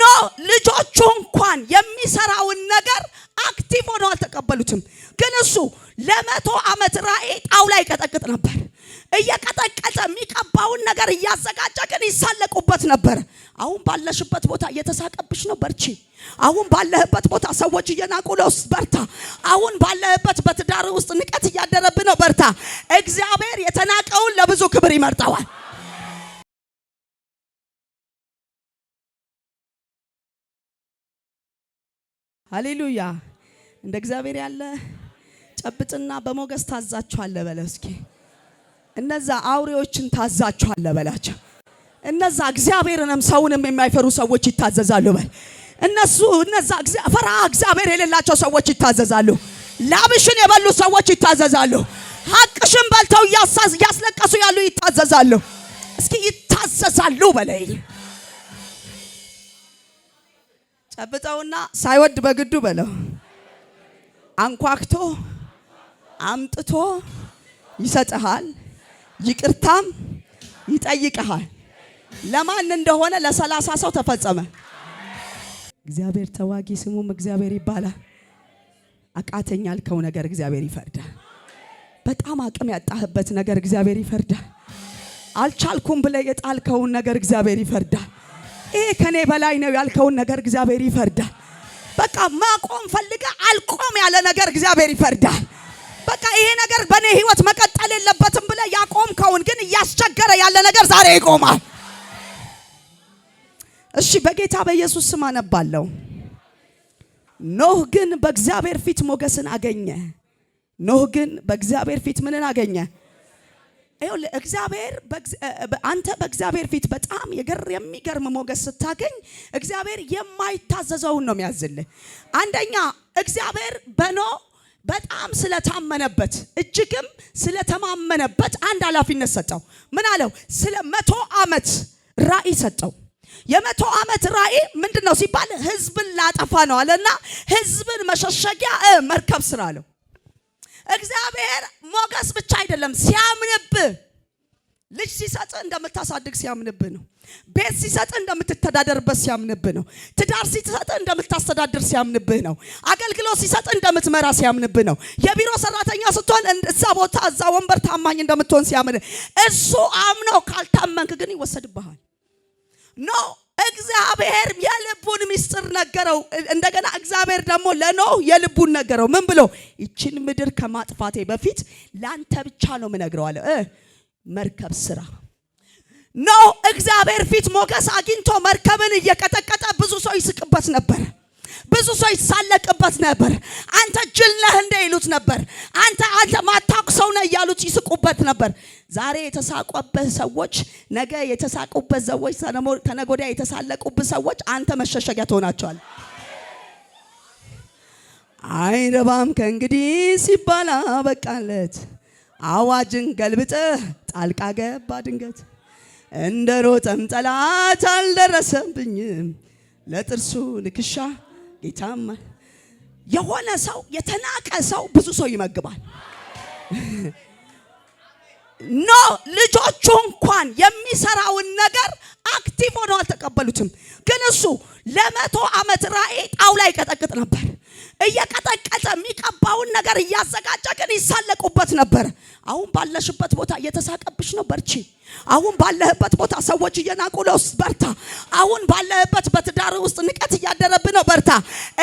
ኖ ልጆቹ እንኳን የሚሰራውን ነገር አክቲቭ ሆነው አልተቀበሉትም። ግን እሱ ለመቶ ዓመት ራእይ ጣውላ ይቀጠቅጥ ነበር። እየቀጠቀጠ የሚቀባውን ነገር እያዘጋጀ ግን ይሳለቁበት ነበር። አሁን ባለሽበት ቦታ እየተሳቀብሽ ነው፣ በርቺ። አሁን ባለህበት ቦታ ሰዎች እየናቁ ነው፣ በርታ። አሁን ባለህበት በትዳር ውስጥ ንቀት እያደረብ ነው፣ በርታ። እግዚአብሔር የተናቀውን ለብዙ ክብር ይመርጠዋል። ሃሌሉያ! እንደ እግዚአብሔር ያለ ጨብጥና በሞገስ ታዛችኋል በለው እስኪ። እነዛ አውሬዎችን ታዛችኋል በላቸው። እነዛ እግዚአብሔርንም ሰውንም የማይፈሩ ሰዎች ይታዘዛሉ በል። እነሱ እነዛ ፈራ እግዚአብሔር የሌላቸው ሰዎች ይታዘዛሉ። ላብሽን የበሉ ሰዎች ይታዘዛሉ። ሐቅሽን በልተው እያስለቀሱ ያሉ ይታዘዛሉ። እስኪ ይታዘዛሉ በለይ ጨብጠውና ሳይወድ በግዱ በለው። አንኳክቶ አምጥቶ ይሰጥሃል፣ ይቅርታም ይጠይቅሃል። ለማን እንደሆነ ለሰላሳ ሰው ተፈጸመ። እግዚአብሔር ተዋጊ ስሙም እግዚአብሔር ይባላል። አቃተኝ ያልከው ነገር እግዚአብሔር ይፈርዳል። በጣም አቅም ያጣህበት ነገር እግዚአብሔር ይፈርዳል። አልቻልኩም ብለህ የጣልከውን ነገር እግዚአብሔር ይፈርዳል። ይሄ ከኔ በላይ ነው ያልከውን ነገር እግዚአብሔር ይፈርዳል። በቃ ማቆም ፈልገ አልቆም ያለ ነገር እግዚአብሔር ይፈርዳል። በቃ ይሄ ነገር በእኔ ህይወት መቀጠል የለበትም ብለ ያቆምከውን ግን እያስቸገረ ያለ ነገር ዛሬ ይቆማል። እሺ፣ በጌታ በኢየሱስ ስም አነባለሁ። ኖህ ግን በእግዚአብሔር ፊት ሞገስን አገኘ። ኖህ ግን በእግዚአብሔር ፊት ምንን አገኘ? እግዚአብሔር አንተ በእግዚአብሔር ፊት በጣም የሚገርም ሞገስ ስታገኝ እግዚአብሔር የማይታዘዘውን ነው የሚያዝልህ። አንደኛ እግዚአብሔር በኖ በጣም ስለታመነበት እጅግም ስለተማመነበት አንድ ኃላፊነት ሰጠው። ምን አለው? ስለ መቶ ዓመት ራእይ ሰጠው። የመቶ ዓመት ራእይ ምንድን ነው ሲባል ህዝብን ላጠፋ ነው አለና ህዝብን መሸሸጊያ መርከብ ስራ አለው። እግዚአብሔር ሞገስ ብቻ አይደለም ሲያምንብህ ልጅ ሲሰጥ እንደምታሳድግ ሲያምንብህ ነው። ቤት ሲሰጥ እንደምትተዳደርበት ሲያምንብህ ነው። ትዳር ሲሰጥ እንደምታስተዳድር ሲያምንብህ ነው። አገልግሎት ሲሰጥ እንደምትመራ ሲያምንብህ ነው። የቢሮ ሰራተኛ ስትሆን እዛ ቦታ እዛ ወንበር ታማኝ እንደምትሆን ሲያምን እሱ አምነው ካልታመንክ ግን ይወሰድብሃል ኖ እግዚአብሔር የልቡን ምስጢር ነገረው። እንደገና እግዚአብሔር ደግሞ ለኖህ የልቡን ነገረው። ምን ብሎ ይችን ምድር ከማጥፋቴ በፊት ለአንተ ብቻ ነው የምነግረው አለ። መርከብ ስራ ነው። እግዚአብሔር ፊት ሞገስ አግኝቶ መርከብን እየቀጠቀጠ ብዙ ሰው ይስቅበት ነበር። ብዙ ሰው ይሳለቅበት ነበር። አንተ ጅል ነህ እንደ ይሉት ነበር። አንተ አንተ ማታውቅ ሰው ነህ እያሉት ይስቁበት ነበር። ዛሬ የተሳቁበት ሰዎች ነገ የተሳቁበት ሰዎች ተነጎዳ የተሳለቁበት ሰዎች አንተ መሸሸጊያ ትሆናቸዋል። አይረባም ከእንግዲህ ሲባል አበቃለት። አዋጅን ገልብጠህ ጣልቃ ገባ ድንገት። እንደ ሮጠም ጠላት አልደረሰብኝም ለጥርሱ ንክሻ ጌታማ የሆነ ሰው የተናቀ ሰው ብዙ ሰው ይመግባል። ኖ ልጆቹ እንኳን የሚሰራውን ነገር አክቲቭ ሆነው አልተቀበሉትም። ግን እሱ ለመቶ ዓመት ራእይ ጣውላ ይቀጠቅጥ ነበር። እየቀጠቀጠ የሚቀባውን ነገር እያዘጋጀ ግን ይሳለቁበት ነበር። አሁን ባለሽበት ቦታ እየተሳቀብሽ ነው፣ በርቺ። አሁን ባለህበት ቦታ ሰዎች እየናቁ ነው፣ በርታ። አሁን ባለህበት በትዳር ውስጥ ንቀት እያደረብህ ነው፣ በርታ።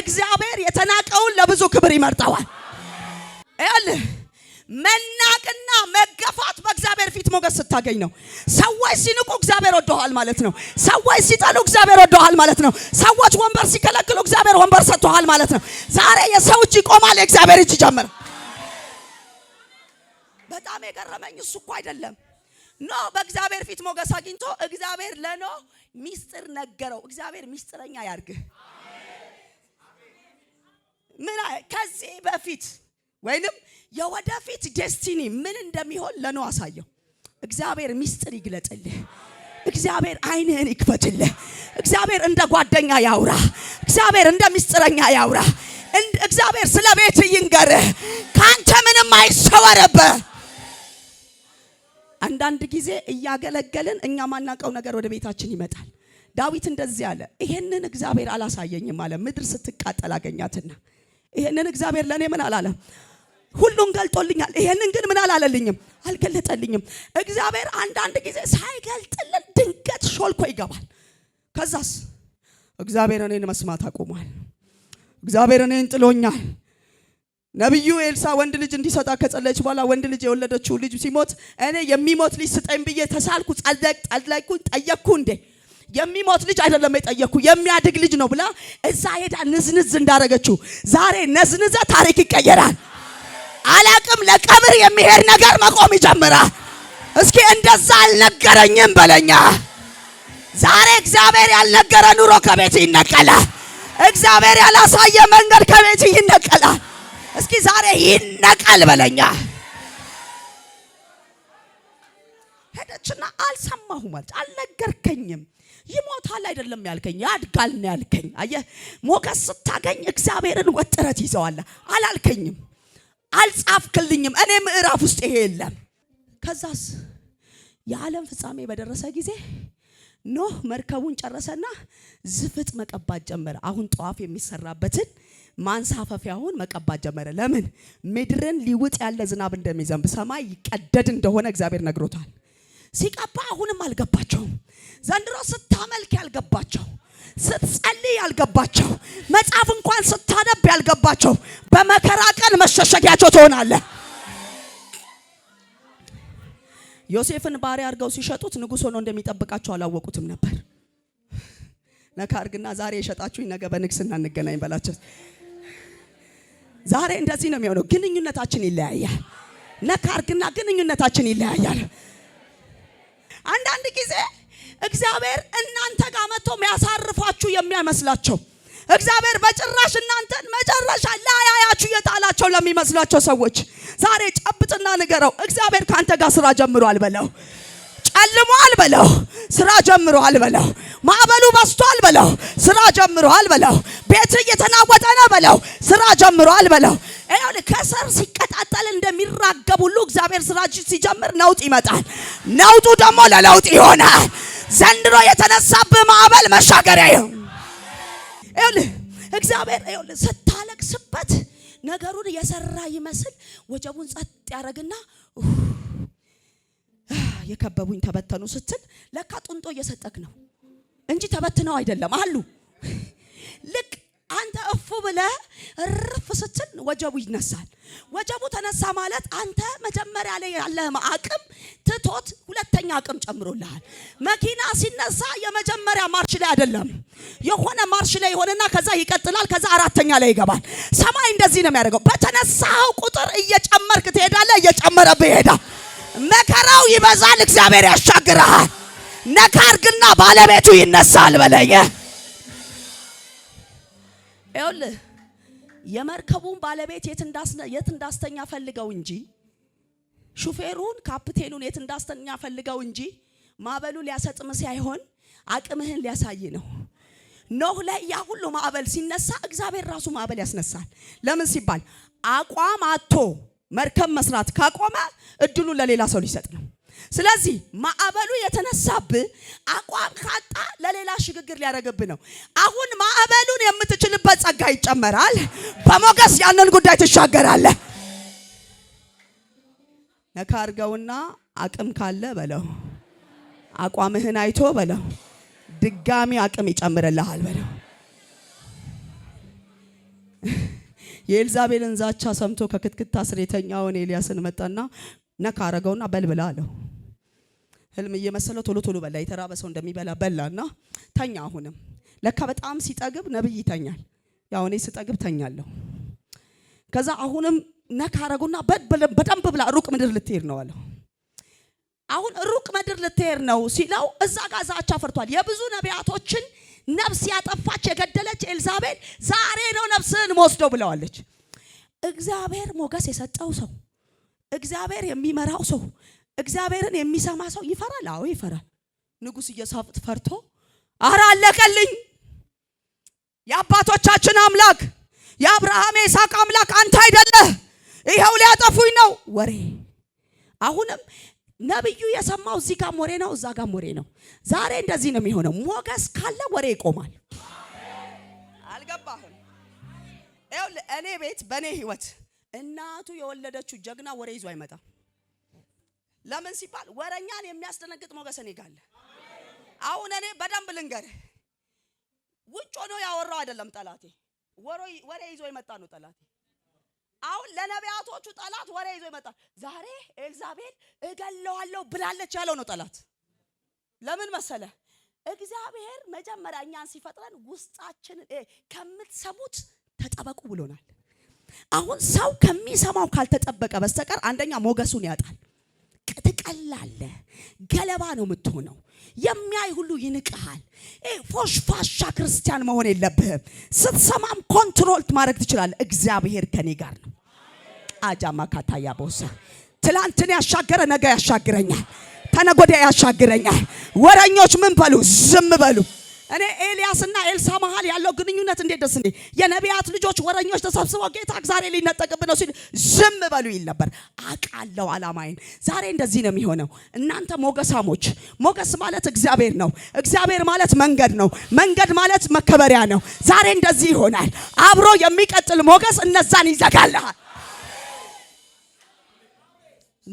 እግዚአብሔር የተናቀውን ለብዙ ክብር ይመርጠዋል። መናቅና መግ ልታገኝ ነው። ሰዎች ሲንቁ እግዚአብሔር ወደዋል ማለት ነው። ሰዎች ሲጠሉ እግዚአብሔር ወደዋል ማለት ነው። ሰዎች ወንበር ሲከለክሉ እግዚአብሔር ወንበር ሰጥተዋል ማለት ነው። ዛሬ የሰው እጅ ይቆማል፣ የእግዚአብሔር እጅ ጀመረ። በጣም የገረመኝ እሱ እኮ አይደለም ኖ በእግዚአብሔር ፊት ሞገስ አግኝቶ እግዚአብሔር ለኖ ሚስጥር ነገረው። እግዚአብሔር ሚስጥረኛ ያርግህ። ምን ከዚህ በፊት ወይንም የወደፊት ዴስቲኒ ምን እንደሚሆን ለኖ አሳየው። እግዚአብሔር ሚስጥር ይግለጥልህ። እግዚአብሔር አይንህን ይክፈትልህ። እግዚአብሔር እንደ ጓደኛ ያውራ። እግዚአብሔር እንደ ሚስጥረኛ ያውራ። እግዚአብሔር ስለ ቤት ይንገርህ። ከአንተ ምንም አይሰወርብህ። አንዳንድ ጊዜ እያገለገልን እኛ ማናቀው ነገር ወደ ቤታችን ይመጣል። ዳዊት እንደዚህ አለ፣ ይሄንን እግዚአብሔር አላሳየኝም አለ። ምድር ስትቃጠል አገኛትና ይሄንን እግዚአብሔር ለእኔ ምን አላለም ሁሉን ገልጦልኛል። ይሄንን ግን ምን አላለልኝም? አልገለጠልኝም። እግዚአብሔር አንዳንድ ጊዜ ሳይገልጥልን ድንገት ሾልኮ ይገባል። ከዛስ እግዚአብሔር እኔን መስማት አቁሟል። እግዚአብሔር እኔን ጥሎኛል። ነቢዩ ኤልሳ ወንድ ልጅ እንዲሰጣ ከጸለች በኋላ ወንድ ልጅ የወለደችው ልጅ ሲሞት እኔ የሚሞት ልጅ ስጠኝ ብዬ ተሳልኩ፣ ጸለቅ ጠለቅኩ፣ ጠየቅኩ እንዴ የሚሞት ልጅ አይደለም የጠየቅኩ የሚያድግ ልጅ ነው ብላ እዛ ሄዳ ንዝንዝ እንዳረገችው ዛሬ ነዝንዘ ታሪክ ይቀየራል። አላቅም ለቀብር የሚሄድ ነገር መቆም ይጀምራል። እስኪ እንደዛ አልነገረኝም በለኛ። ዛሬ እግዚአብሔር ያልነገረ ኑሮ ከቤት ይነቀላል። እግዚአብሔር ያላሳየ መንገድ ከቤት ይነቀላል። እስኪ ዛሬ ይነቀል በለኛ። ሄደችና አልሰማሁም አለች። አልነገርከኝም። ይሞታል አይደለም ያልከኝ ያድጋል ነው ያልከኝ። አየህ ሞገስ ስታገኝ እግዚአብሔርን ወጥረት ይዘዋል። አላልከኝም አልጻፍክልኝም፣ እኔ ምዕራፍ ውስጥ ይሄ የለም። ከዛስ የዓለም ፍጻሜ በደረሰ ጊዜ ኖህ መርከቡን ጨረሰና ዝፍጥ መቀባት ጀመረ። አሁን ጠዋፍ የሚሰራበትን ማንሳፈፊያውን መቀባት ጀመረ። ለምን ምድርን ሊውጥ ያለ ዝናብ እንደሚዘንብ ሰማይ ይቀደድ እንደሆነ እግዚአብሔር ነግሮታል። ሲቀባ አሁንም አልገባቸውም። ዘንድሮ ስታመልክ ያልገባቸው ስትጸልይ ያልገባቸው መጽሐፍ እንኳን ስታነብ ያልገባቸው በመከራ ቀን መሸሸጊያቸው ትሆናለህ። ዮሴፍን ባሪያ አድርገው ሲሸጡት ንጉሥ ሆኖ እንደሚጠብቃቸው አላወቁትም ነበር። ነካ አድርግና ዛሬ የሸጣችሁኝ ነገ በንግስና እንገናኝ በላቸው። ዛሬ እንደዚህ ነው የሚሆነው። ግንኙነታችን ይለያያል። ነካ አድርግና ግንኙነታችን ይለያያል። አንዳንድ ጊዜ እግዚአብሔር እናንተ ጋር መጥቶ የሚያሳርፋችሁ የሚያመስላቸው እግዚአብሔር በጭራሽ እናንተን መጨረሻ ላያያችሁ የጣላቸው ለሚመስላቸው ሰዎች ዛሬ ጨብጥና ንገረው። እግዚአብሔር ከአንተ ጋር ስራ ጀምሯል በለው። ጨልሟል በለው፣ ስራ ጀምሯል በለው። ማዕበሉ በስቷል በለው፣ ስራ ጀምሯል በለው። ቤት እየተናወጠ ነው በለው፣ ስራ ጀምሯል በለው። ከሰር ሲቀጣጠል እንደሚራገብ ሁሉ እግዚአብሔር ስራ ሲጀምር ነውጥ ይመጣል። ነውጡ ደግሞ ለለውጥ ይሆናል። ዘንድሮ የተነሳብህ ማዕበል መሻገሪያ ይሁን። ይኸውልህ እግዚአብሔር ይኸውልህ ስታለቅስበት ነገሩን የሰራ ይመስል ወጀቡን ጸጥ ያደረግና የከበቡኝ ተበተኑ ስትል ለካ ጡንጦ እየሰጠክ ነው እንጂ ተበትነው አይደለም አሉ። ልክ አንተ እፉ ብለህ እርፍ ስትል ወጀቡ ይነሳል። ወጀቡ ተነሳ ማለት አንተ መጀመሪያ ላይ ያለህ አቅም ትቶ አቅም ጨምሮልሃል። መኪና ሲነሳ የመጀመሪያ ማርሽ ላይ አይደለም፣ የሆነ ማርሽ ላይ የሆነና ከዛ ይቀጥላል፣ ከዛ አራተኛ ላይ ይገባል። ሰማይ እንደዚህ ነው የሚያደርገው። በተነሳው ቁጥር እየጨመርክ ትሄዳለህ፣ እየጨመረብህ ይሄዳል። መከራው ይበዛል፣ እግዚአብሔር ያሻግርሃል። ነካር አድርግና ባለቤቱ ይነሳል በለኝ። ይኸውልህ የመርከቡን ባለቤት የት እንዳስተኛ ፈልገው እንጂ ሹፌሩን ካፕቴኑን የት እንዳስተኛ ፈልገው እንጂ ማዕበሉ ሊያሰጥም ሳይሆን አቅምህን ሊያሳይ ነው። ኖህ ላይ ያ ሁሉ ማዕበል ሲነሳ እግዚአብሔር ራሱ ማዕበል ያስነሳል። ለምን ሲባል አቋም አቶ መርከብ መስራት ካቆመ እድሉን ለሌላ ሰው ሊሰጥ ነው። ስለዚህ ማዕበሉ የተነሳብህ አቋም ካጣ ለሌላ ሽግግር ሊያደርግብህ ነው። አሁን ማዕበሉን የምትችልበት ጸጋ ይጨመራል። በሞገስ ያንን ጉዳይ ትሻገራለህ። ነካርገውና አቅም ካለ በለው፣ አቋምህን አይቶ በለው፣ ድጋሚ አቅም ይጨምርልሃል በለው። የኤልዛቤልን ዛቻ ሰምቶ ከክትክታ ስር የተኛውን ኤልያስን መጣና ነካ አረገውና በልብላ አለው። ህልም እየመሰለው ቶሎ ቶሎ በላ። የተራበ ሰው እንደሚበላ በላና ተኛ። አሁንም ለካ በጣም ሲጠግብ ነብይ ይተኛል። ያው እኔ ስጠግብ ተኛለሁ። ከዛ አሁንም ነካ አረጉና በደንብ ብላ ሩቅ ምድር ልትሄድ ነው አለው። አሁን ሩቅ ምድር ልትሄድ ነው ሲለው እዛ ጋር ዛቻ ፈርቷል። የብዙ ነቢያቶችን ነፍስ ያጠፋች የገደለች ኤልዛቤል ዛሬ ነው ነፍስህን ወስደው ብለዋለች። እግዚአብሔር ሞገስ የሰጠው ሰው፣ እግዚአብሔር የሚመራው ሰው፣ እግዚአብሔርን የሚሰማ ሰው ይፈራል። አዎ ይፈራል። ንጉሥ እየሳፍጥ ፈርቶ አረ አለቀልኝ የአባቶቻችን አምላክ የአብርሃም የይስሐቅ አምላክ አንተ አይደለህ ይኸው ሊያጠፉኝ ነው ወሬ። አሁንም ነብዩ የሰማው እዚህ ጋር ወሬ ነው፣ እዛ ጋም ወሬ ነው። ዛሬ እንደዚህ ነው የሚሆነው። ሞገስ ካለ ወሬ ይቆማል። አልገባህም? እኔ ቤት በእኔ ህይወት እናቱ የወለደችው ጀግና ወሬ ይዞ አይመጣም። ለምን ሲባል ወረኛን የሚያስደነግጥ ሞገስ እኔ ጋለ። አሁን እኔ በደንብ ልንገር፣ ውጭ ሆኖ ያወራው አይደለም ጠላቴ፣ ወሬ ይዞ የመጣ ነው ጠላቴ አሁን ለነቢያቶቹ ጠላት ወሬ ይዞ ይመጣል። ዛሬ ኤልዛቤል እገለዋለሁ ብላለች ያለው ነው ጠላት። ለምን መሰለ? እግዚአብሔር መጀመሪያ እኛን ሲፈጥረን ውስጣችንን ከምትሰሙት ተጠበቁ ብሎናል። አሁን ሰው ከሚሰማው ካልተጠበቀ በስተቀር አንደኛ ሞገሱን ያጣል። ትቀላለ፣ ገለባ ነው የምትሆነው። የሚያይ ሁሉ ይንቅሃል። ፎሽፋሻ ክርስቲያን መሆን የለብህም። ስትሰማም ኮንትሮል ማድረግ ትችላለህ። እግዚአብሔር ከኔ ጋር ነው። አጃማ ካታያ ቦሳ ትላንትን ያሻገረ ነገ ያሻግረኛል፣ ተነጎዳ ያሻግረኛል። ወረኞች ምን በሉ? ዝም በሉ። እኔ ኤልያስና ኤልሳ መሀል ያለው ግንኙነት እንዴት ደስ እንዴ! የነቢያት ልጆች ወረኞች ተሰብስበው ጌታ ዛሬ ሊነጠቅብን ነው ሲሉ ዝም በሉ ይል ነበር። አቃለው አላማዬን። ዛሬ እንደዚህ ነው የሚሆነው። እናንተ ሞገሳሞች፣ ሞገስ ማለት እግዚአብሔር ነው። እግዚአብሔር ማለት መንገድ ነው። መንገድ ማለት መከበሪያ ነው። ዛሬ እንደዚህ ይሆናል። አብሮ የሚቀጥል ሞገስ እነዛን ይዘጋልሃል።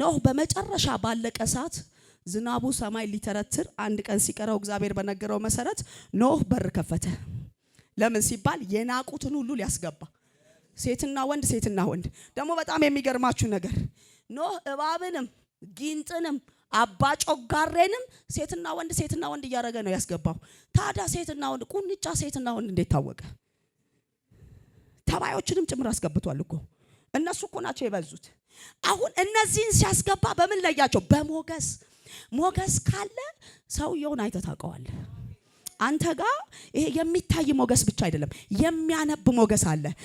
ኖህ በመጨረሻ ባለቀ ሰዓት ዝናቡ ሰማይ ሊተረትር አንድ ቀን ሲቀረው እግዚአብሔር በነገረው መሰረት ኖህ በር ከፈተ። ለምን ሲባል የናቁትን ሁሉ ሊያስገባ ሴትና ወንድ፣ ሴትና ወንድ። ደግሞ በጣም የሚገርማችሁ ነገር ኖህ እባብንም፣ ጊንጥንም፣ አባጮጋሬንም ሴትና ወንድ፣ ሴትና ወንድ እያደረገ ነው ያስገባው። ታዲያ ሴትና ወንድ ቁንጫ ሴትና ወንድ እንዴት ታወቀ? ተባዮችንም ጭምር አስገብቷል እኮ እነሱ እኮ ናቸው የበዙት። አሁን እነዚህን ሲያስገባ በምን ለያቸው? በሞገስ። ሞገስ ካለ ሰውየውን አይተህ ታውቀዋለህ። አንተ ጋር ይሄ የሚታይ ሞገስ ብቻ አይደለም፣ የሚያነብ ሞገስ አለ።